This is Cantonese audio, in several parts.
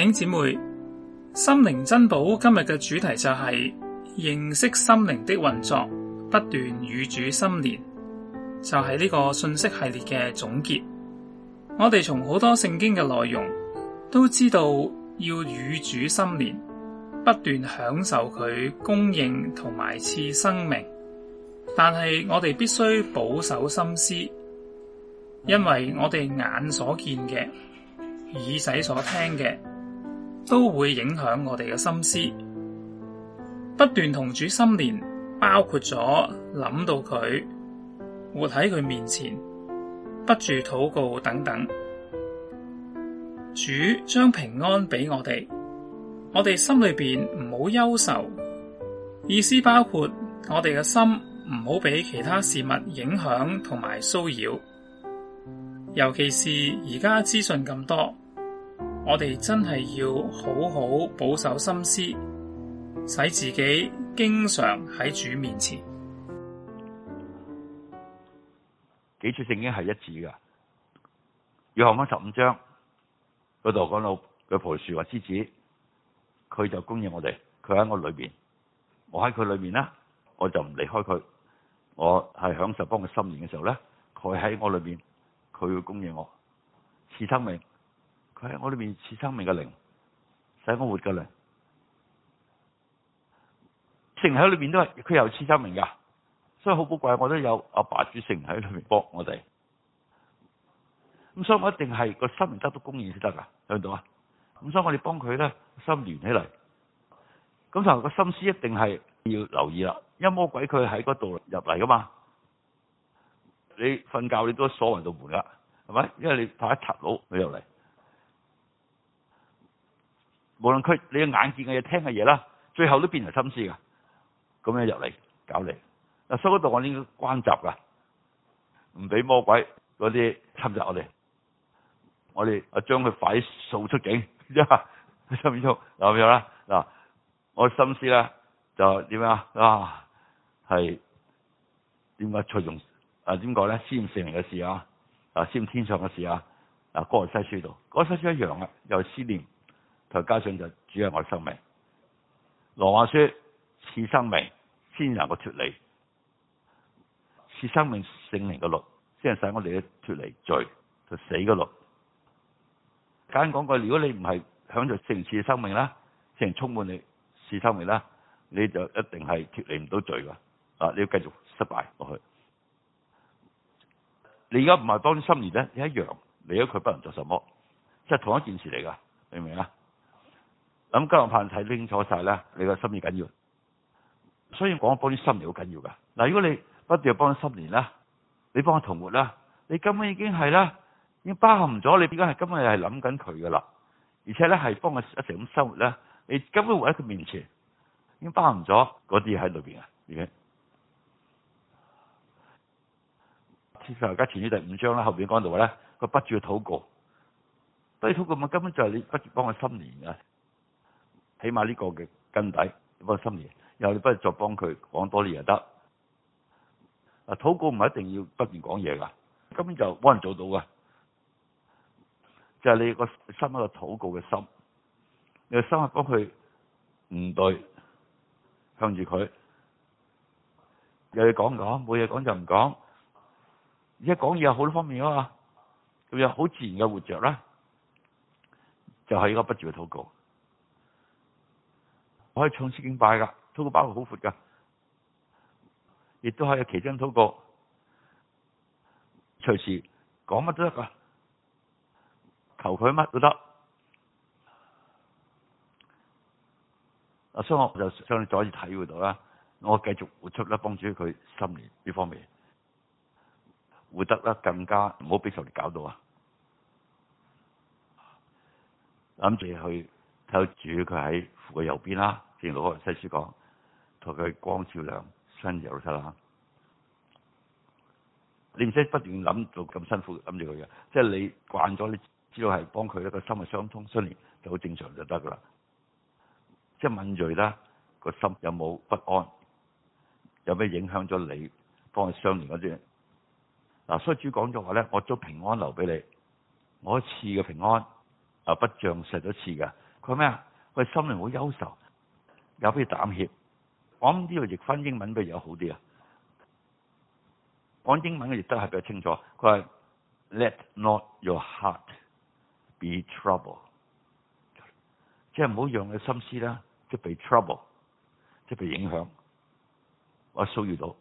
頂姐妹，心靈珍寶今日嘅主題就係、是、認識心靈的運作，不斷與主心連，就係、是、呢個信息系列嘅總結。我哋從好多聖經嘅內容都知道要與主心連，不斷享受佢供應同埋賜生命。但係我哋必須保守心思，因為我哋眼所見嘅，耳仔所聽嘅。都會影響我哋嘅心思，不斷同主心連，包括咗諗到佢，活喺佢面前，不住禱告等等。主將平安畀我哋，我哋心裏邊唔好憂愁。意思包括我哋嘅心唔好俾其他事物影響同埋騷擾，尤其是而家資訊咁多。我哋真係要好好保守心思，使自己經常喺主面前。幾處聖經係一致噶，約翰福十五章嗰度講到佢葡萄樹或枝子，佢就供應我哋。佢喺我裏邊，我喺佢裏面啦，我就唔離開佢。我係享受幫佢心連嘅時候咧，佢喺我裏邊，佢要供應我。賜生命。佢喺我裏邊賜生命嘅靈，使我活嘅靈，成喺裏邊都係佢又賜生命噶，所以好寶貴。我都有阿爸主成喺裡面幫我哋，咁所以我一定係個心靈得到公義先得噶，聽到啊？咁所以我哋幫佢咧心連起嚟，咁就個心思一定係要留意啦。因魔鬼佢喺嗰度入嚟噶嘛，你瞓覺你都鎖埋度門啦，係咪？因為你怕一插佬佢入嚟。無論佢你嘅眼見嘅嘢、聽嘅嘢啦，最後都變成心思噶，咁樣入嚟搞你。嗱，所嗰度我哋要關閘噶，唔俾魔鬼嗰啲侵襲我哋。我哋啊，將佢快掃出境。啊，差咁樣啦。嗱，我心思咧就點樣啊？係點解觸動？啊，點講咧？思念聖嘅事啊，啊，思、啊、天上嘅事啊，嗱、那個，江、那個、西書度，江西書一樣啊。又思念。再加上就主係我生命，羅話說：似生命先能個脱離，是生命聖靈嘅律先能使我哋嘅脱離罪，就死嘅律。簡單講句，如果你唔係享受聖子嘅生命啦，先係充滿你是生命啦，你就一定係脱離唔到罪嘅。啊，你要繼續失敗落去。你而家唔係當心念咧，你一樣你咧佢不能做什麼，即係同一件事嚟噶，明唔明啊？咁今日怕你睇清楚曬咧，你個心意緊要。所以講幫啲心連好緊要噶。嗱，如果你不斷幫佢心連啦，你幫佢同活啦，你根本已經係啦，已經包含咗你。點解係根本係諗緊佢噶啦？而且咧係幫佢一直咁生活咧，你根本活喺佢面前已經包含咗嗰啲喺裏邊啊！而家鐵石而家前出第五章啦，後面講到咧佢不住嘅禱告，不禱告咪根本就係你不住幫佢心連啊！起碼呢個嘅根底、個心意，然後你不如再幫佢講多啲嘢，又得。啊，禱告唔係一定要不斷講嘢噶，根本就冇人做到噶。就係你個心，一個禱告嘅心，你個心啊幫佢唔對，向住佢，有嘢講唔講，冇嘢講就唔講。而家講嘢有好多方面啊嘛，咁有好自然嘅活着啦，就係一個不住嘅禱告。可以唱詩敬拜噶，通過包好闊噶，亦都可有其中通過隨時講乜都得噶，求佢乜都得。所以我就想你再一次體會到啦。我繼續活出啦，幫主佢心靈呢方面，活得啦更加唔好俾仇人搞到啊！諗住去睇住佢喺父嘅右邊啦。之前老哥細叔講，同佢光照亮，心有得啦。你唔使不斷諗到咁辛苦諗住佢嘅，即係你慣咗，你知道係幫佢咧，個心係相通，相連就好正常就得噶啦。即係敏鋭啦，個心有冇不安，有咩影響咗你幫佢相連嗰啲嘢？嗱、啊，所以主講咗話咧，我將平安留俾你，我一次嘅平安啊，不像食咗一次嘅。佢咩啊？佢心靈好憂愁。有譬如膽怯，我諗呢個譯翻英文嘅嘢好啲啊，講英文嘅亦都係比較清楚。佢話 Let not your heart be troubled 即係唔好讓你心思啦，即係被 trouble，即係被影響。我騷擾到，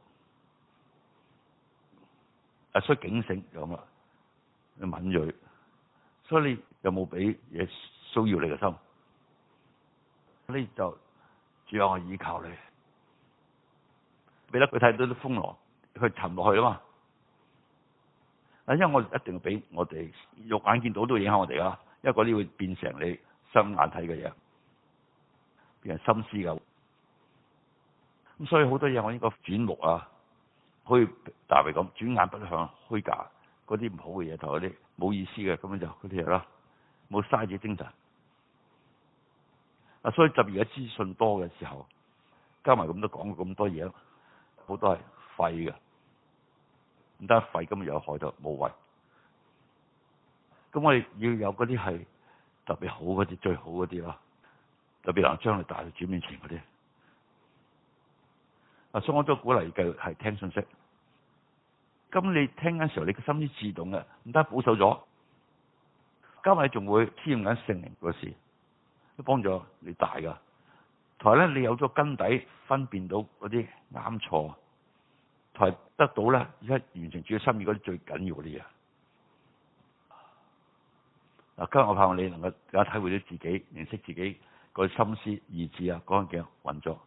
啊，所以警醒咁啦，你敏鋭。所以、so, 你有冇俾嘢騷擾你嘅心？你就。主要我依靠你，俾得佢睇到啲風浪，佢沉落去啊嘛。啊，因為我一定要俾我哋肉眼見到，都影響我哋啦。因為嗰啲會變成你心眼睇嘅嘢，變成心思嘅。咁所以好多嘢我應該轉目啊，可以大為講轉眼不向虛假，嗰啲唔好嘅嘢同嗰啲冇意思嘅，咁樣就嗰啲嘢咯，冇嘥嘢精神。啊！所以就而家資訊多嘅時候，加埋咁多講咁多嘢，好多係廢嘅，唔得廢，今日又有害到冇謂。咁我哋要有嗰啲係特別好嗰啲、最好嗰啲啦，特別能將你帶到主面前嗰啲。啊！所以我都鼓勵繼續係聽信息。咁你聽嘅時候，你個心先自動嘅，唔得保守咗，加埋仲會偏緊聖靈嗰事。都幫助你大噶，同埋咧你有咗根底，分辨到嗰啲啱錯，同埋得到咧而家完成自己心意嗰啲最緊要嗰啲嘢。嗱，今日我盼望你能夠而家體會到自己認識自己個心思意志啊，關鍵運作。